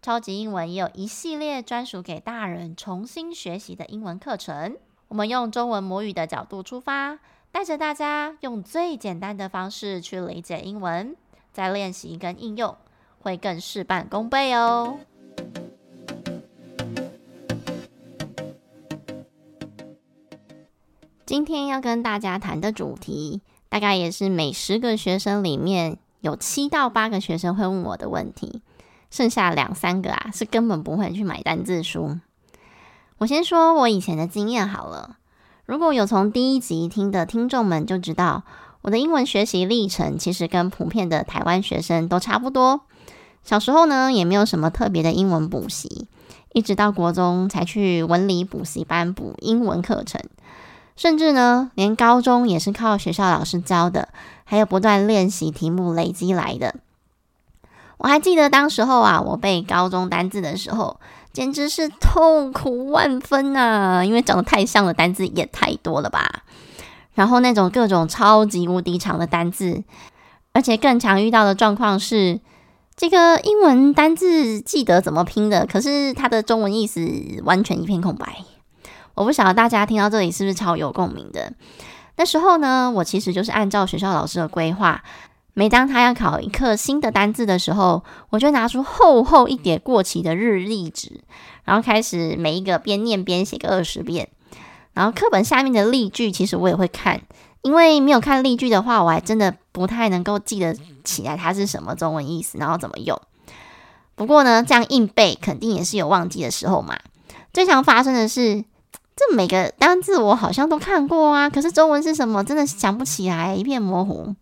超級英文也有一系列專屬給大人重新學習的英文課程。我們用中文母語的角度出發，帶着大家用最簡單的方式去理解英文，再練習跟應用，會更事半功倍哦。今天要跟大家談的主題，大概也是每十個學生裡面有七到八個學生會問我的問題。剩下兩三個啊，是根本不會去買單字書。我先說我以前的經驗好了。如果有從第一集聽的聽眾們就知道，我的英文學習歷程其實跟普遍的台灣學生都差不多。小時候呢，也沒有什麼特別的英文補習，一直到國中才去文理補習班補英文課程。甚至呢，連高中也是靠學校老師教的，還有不斷練習題目累積來的。我還記得當時候啊，我背高中單字的時候，簡直是痛苦萬分啊！因為長得太像的單字也太多了吧，然後那種各種超級無敵長的單字，而且更常遇到的狀況是，這個英文單字記得怎麼拼的，可是它的中文意思完全一片空白。我不曉得大家聽到這裡是不是超有共鳴的？那時候呢，我其實就是按照學校老師的規劃。每當他要考一課新的單字的時候，我就拿出厚厚一疊過期的日曆紙，然後開始每一個邊念邊寫個二十遍。然後課本下面的例句其實我也會看，因為沒有看例句的話，我還真的不太能夠記得起來它是什麼中文意思，然後怎麼用。不過呢，這樣硬背肯定也是有忘記的時候嘛。最常發生的是，這每個單字我好像都看過啊，可是中文是什麼？真的想不起來，一片模糊。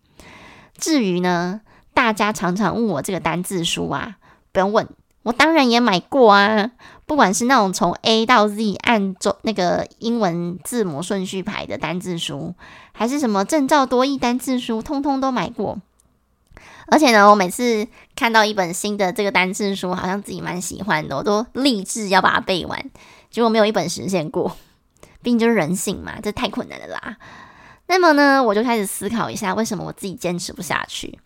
至於呢，大家常常問我這個單字書啊，不用問，我當然也買過啊。不管是那種從 A 到 Z 按著那個英文字母順序排的單字書，還是什麼證照多益單字書，通通都買過。而且呢，我每次看到一本新的這個單字書，好像自己蠻喜歡的，我都立志要把它背完。結果沒有一本實現過，畢竟就是人性嘛，這太困難了啦。那麼呢，我就開始思考一下，為什麼我自己堅持不下去？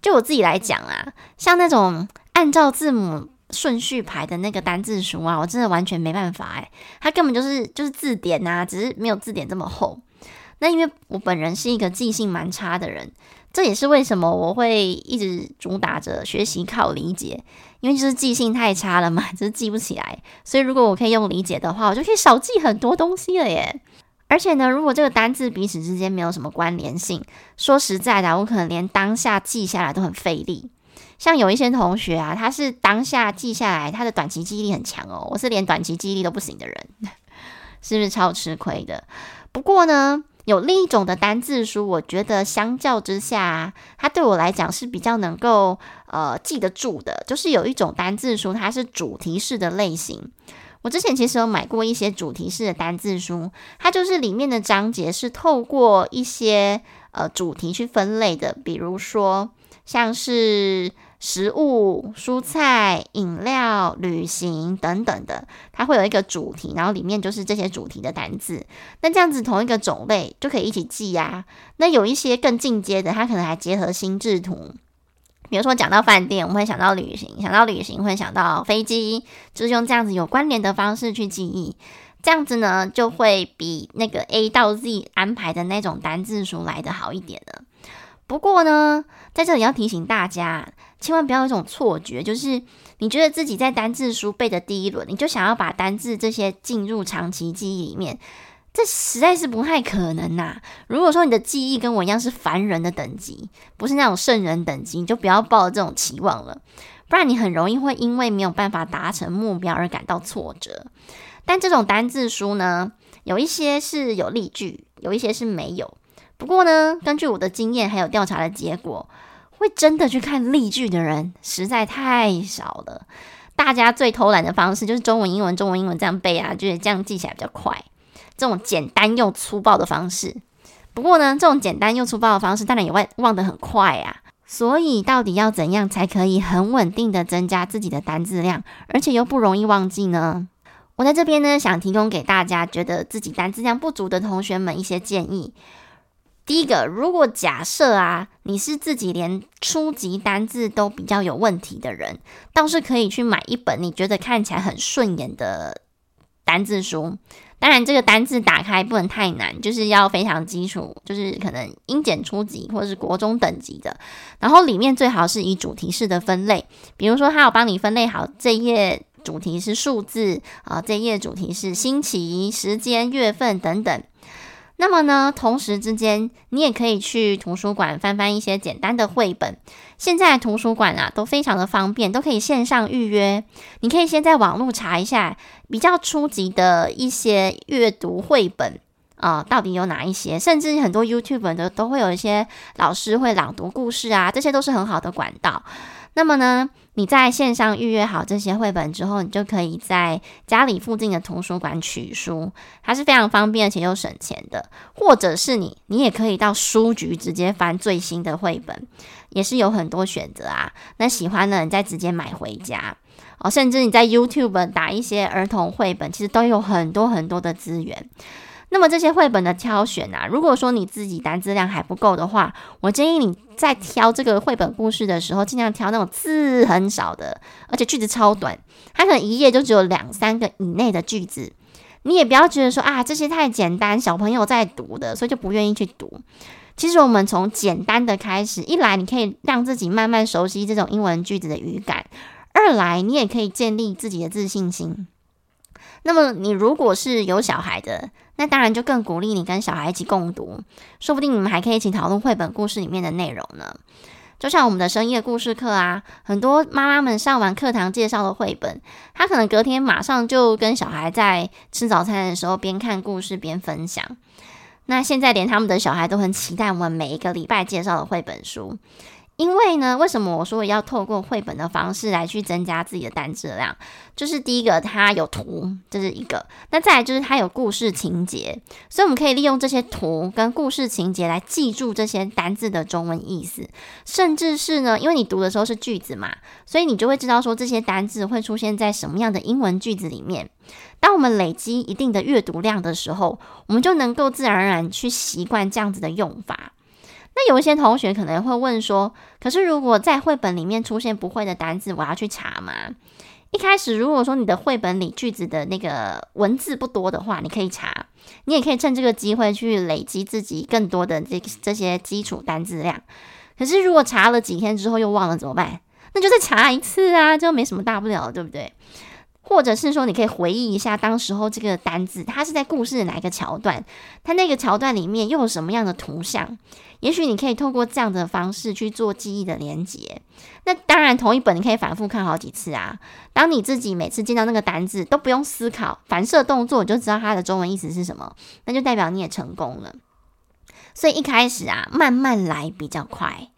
就我自己來講啊，像那種按照字母順序排的那個單字書啊，我真的完全沒辦法哎，它根本就是就是字典啊，只是沒有字典這麼厚。那因為我本人是一個記性蠻差的人，這也是為什麼我會一直主打着學習靠理解，因為就是記性太差了嘛，就是記不起來。所以如果我可以用理解的話，我就可以少記很多東西了耶。而且呢，如果這個單字彼此之間沒有什麼關聯性，說實在的，我可能連當下記下來都很費力。像有一些同學啊，他是當下記下來，他的短期記憶力很強哦。我是連短期記憶力都不行的人，是不是超吃虧的？不過呢，有另一種的單字書，我覺得相較之下，它對我來講是比較能夠呃記得住的。就是有一種單字書，它是主題式的類型。我之前其實有買過一些主題式的單字書，它就是裡面的章節是透過一些呃主題去分類的，比如說像是食物、蔬菜、飲料、旅行等等的，它會有一個主題，然後裡面就是這些主題的單字。那這樣子同一個種類就可以一起記呀、啊。那有一些更進階的，它可能還結合心智圖。比如說講到飯店，我們會想到旅行，想到旅行會想到飛機，就是用這樣子有關聯的方式去記憶，這樣子呢就會比那個 A 到 Z 安排的那種單字書來得好一點了。不過呢，在這裡要提醒大家，千萬不要有一種錯覺，就是你覺得自己在單字書背的第一輪，你就想要把單字這些進入長期記憶裡面。這實在是不太可能吶，啊！如果說你的記憶跟我一樣是凡人的等級，不是那種聖人等級，你就不要抱這種期望了，不然你很容易會因為沒有辦法達成目標而感到挫折。但這種單字書呢，有一些是有例句，有一些是沒有。不過呢，根據我的經驗還有調查的結果，會真的去看例句的人實在太少了。大家最偷懶的方式就是中文、英文、中文、英文這樣背啊，就是這樣記起來比較快。這種簡單又粗暴的方式，不過呢，這種簡單又粗暴的方式，當然也會忘得很快啊。所以，到底要怎樣才可以很穩定的增加自己的單字量，而且又不容易忘記呢？我在這邊呢，想提供給大家覺得自己單字量不足的同學們一些建議。第一個，如果假設啊，你是自己連初級單字都比較有問題的人，倒是可以去買一本你覺得看起來很順眼的單字書。當然，這個單字打開不能太難，就是要非常基礎，就是可能英檢初級或是國中等級的。然後裡面最好是以主題式的分類，比如說它有幫你分類好，這一頁主題是數字啊，這一頁主題是星期、時間、月份等等。那麼呢，同時之間，你也可以去圖書館翻翻一些簡單的繪本。現在圖書館啊都非常的方便，都可以線上預約。你可以先在網絡查一下比較初級的一些閱讀繪本啊，呃，到底有哪一些？甚至很多 YouTube 的都會有一些老師會朗讀故事啊，這些都是很好的管道。那麼呢，你在線上預約好這些繪本之後，你就可以在家裡附近的圖書館取書，它是非常方便而且又省錢的。或者是你，你也可以到書局直接翻最新的繪本，也是有很多選擇啊。那喜歡的，你再直接買回家哦。甚至你在 YouTube 打一些兒童繪本，其實都有很多很多的資源。那麼這些繪本的挑選啊，如果說你自己單字量還不夠的話，我建議你在挑這個繪本故事的時候，盡量挑那種字很少的，而且句子超短，它可能一頁就只有兩三個以內的句子。你也不要覺得說啊，這些太簡單，小朋友在讀的，所以就不願意去讀。其實我們從簡單的開始，一來你可以讓自己慢慢熟悉這種英文句子的語感，二來你也可以建立自己的自信心。那麼，你如果是有小孩的，那當然就更鼓勵你跟小孩一起共讀，說不定你們還可以一起討論繪本故事裡面的內容呢。就像我們的深夜故事課啊，很多媽媽們上完課堂介紹的繪本，她可能隔天馬上就跟小孩在吃早餐的時候邊看故事邊分享。那現在連他們的小孩都很期待我們每一個禮拜介紹的繪本書。因為呢，為什麼我說要透過繪本的方式來去增加自己的單字量？就是第一個，它有圖，這，就是一個；那再來就是它有故事情節，所以我們可以利用這些圖跟故事情節來記住這些單字的中文意思，甚至是呢，因為你讀的時候是句子嘛，所以你就會知道說這些單字會出現在什麼樣的英文句子裡面。當我們累積一定的閱讀量的時候，我們就能夠自然而然去習慣這樣子的用法。那有一些同學可能會問說：“可是如果在繪本裡面出現不會的單字，我要去查嗎？”一開始，如果說你的繪本裡句子的那個文字不多的話，你可以查，你也可以趁這個機會去累積自己更多的這這些基礎單字量。可是如果查了幾天之後又忘了怎麼辦？那就再查一次啊，就沒什麼大不了，對不對？或者是說，你可以回憶一下當時候這個單字，它是在故事的哪一個橋段，它那個橋段裡面又有什麼樣的圖像？也許你可以透過這樣的方式去做記憶的連結。那當然，同一本你可以反覆看好幾次啊。當你自己每次見到那個單字都不用思考、反射動作，你就知道它的中文意思是什麼，那就代表你也成功了。所以一開始啊，慢慢來比較快。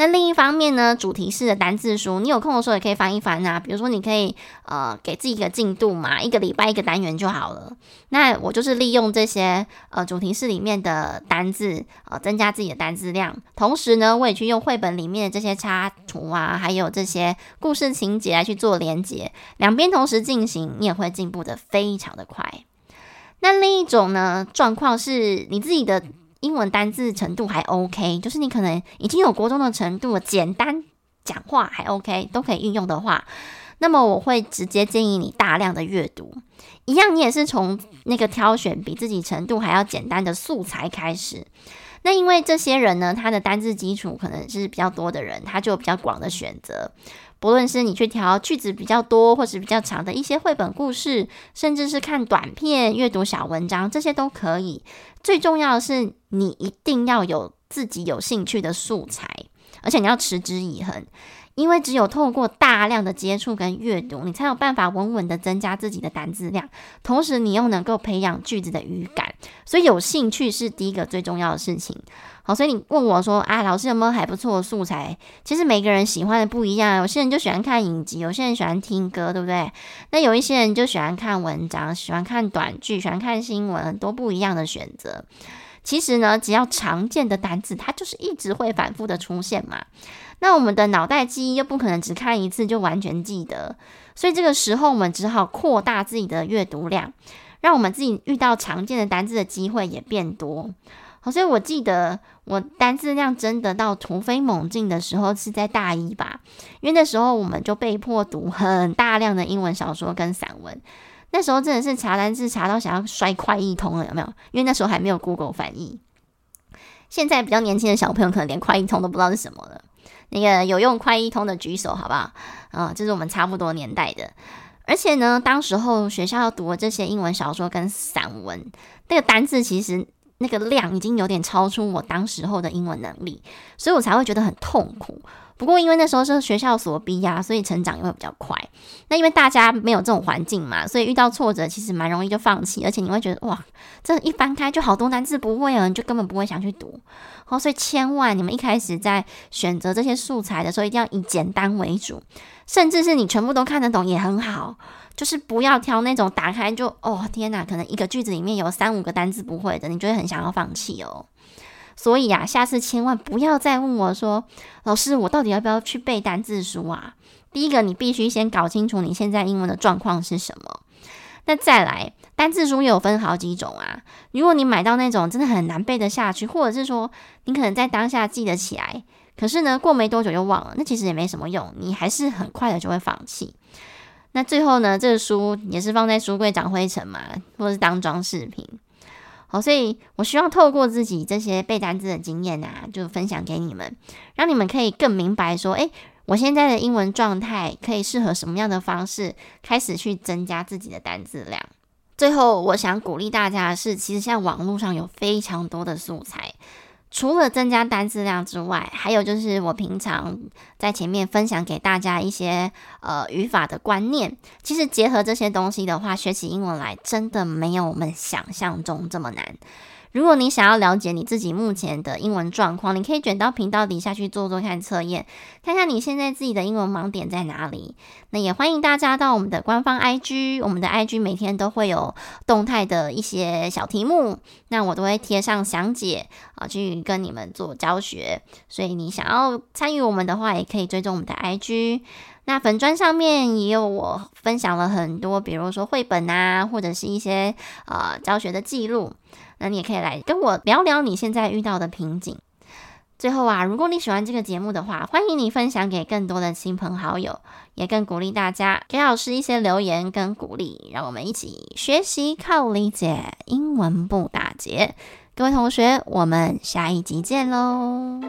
那另一方面呢，主題式的單字書，你有空的時候也可以翻一翻啊。比如說，你可以呃給自己一個進度嘛，一個禮拜一個單元就好了。那我就是利用這些呃主題式裡面的單字，呃增加自己的單字量。同時呢，我也去用繪本裡面的這些插圖啊，還有這些故事情節來去做連結，兩邊同時進行，你也會進步得非常的快。那另一種呢，狀況是你自己的英文單字程度還 OK，就是你可能已經有國中的程度了，簡單講話還 OK，都可以運用的話，那麼我會直接建議你大量的閱讀。一樣你也是從那個挑選比自己程度還要簡單的素材開始，那因為這些人呢，他的單字基礎可能是比較多的人，他就有比較廣的選擇。不論是你去挑句子比較多或者比較長的一些繪本故事，甚至是看短片、閱讀小文章，這些都可以。最重要的是，你一定要有自己有興趣的素材，而且你要持之以恆。因為只有透過大量的接觸跟閱讀，你才有辦法穩穩的增加自己的單字量，同時你又能夠培養句子的語感。所以有興趣是第一個最重要的事情。好，所以你問我說啊，老師有沒有還不錯的素材？其實每個人喜歡的不一樣，有些人就喜歡看影集，有些人喜歡聽歌，對不對？那有一些人就喜歡看文章，喜歡看短劇，喜歡看新聞，很多不一樣的選擇。其實呢，只要常見的單字，它就是一直會反覆的出現嘛。那我們的腦袋記憶又不可能只看一次就完全記得，所以這個時候我們只好擴大自己的閱讀量，讓我們自己遇到常見的單字的機會也變多。好，所以我記得我單字量真的到突飛猛進的時候是在大一吧，因為那時候我們就被迫讀很大量的英文小說跟散文，那時候真的是查單字查到想要摔快譯通了，有沒有？因為那時候還沒有 Google 翻譯，現在比較年輕的小朋友可能連快譯通都不知道是什麼了。那個有用快譯通的舉手，好不好？啊、嗯，這是我們差不多年代的。而且呢，當時候學校要讀的這些英文小說跟散文，那個單字其實那個量已經有點超出我當時候的英文能力，所以我才會覺得很痛苦。不過，因為那時候是學校所逼呀、啊，所以成長也會比較快。那因為大家沒有這種環境嘛，所以遇到挫折其實蠻容易就放棄，而且你會覺得哇，這一翻開就好多單字不會啊，你就根本不會想去讀。哦，所以千萬你們一開始在選擇這些素材的時候，一定要以簡單為主，甚至是你全部都看得懂也很好，就是不要挑那種打開就，哦，天吶，可能一個句子裡面有三五個單字不會的，你就會很想要放棄哦。所以呀、啊，下次千萬不要再問我說：“老師，我到底要不要去背單字書啊？”第一個，你必須先搞清楚你現在英文的狀況是什麼。那再來，單字書有分好幾種啊。如果你買到那種真的很難背得下去，或者是說你可能在當下記得起來，可是呢，過沒多久又忘了，那其實也沒什麼用，你還是很快的就會放棄。那最後呢，這個書也是放在書櫃長灰塵嘛，或者是當裝飾品。好，所以我希望透過自己這些背單字的經驗啊，就分享給你們，讓你們可以更明白說，哎、欸，我現在的英文狀態可以適合什麼樣的方式開始去增加自己的單字量。最後，我想鼓勵大家的是，其實現在網絡上有非常多的素材。除了增加單字量之外，還有就是我平常在前面分享給大家一些呃語法的觀念。其實結合這些東西的話，學起英文來真的沒有我們想象中這麼難。如果你想要了解你自己目前的英文狀況，你可以捲到頻道底下去做做看測驗，看看你現在自己的英文盲點在哪裡。那也歡迎大家到我們的官方 IG，我們的 IG 每天都會有動態的一些小題目，那我都會貼上詳解啊，去跟你們做教學。所以你想要參與我們的話，也可以追蹤我們的 IG。那粉專上面也有我分享了很多，比如說繪本啊，或者是一些呃教學的記錄。那你也可以來跟我聊聊你現在遇到的瓶頸。最後啊，如果你喜歡這個節目的話，歡迎你分享給更多的親朋好友，也更鼓勵大家給老師一些留言跟鼓勵，讓我們一起學習靠理解，英文不打結。各位同學，我們下一集見嘍。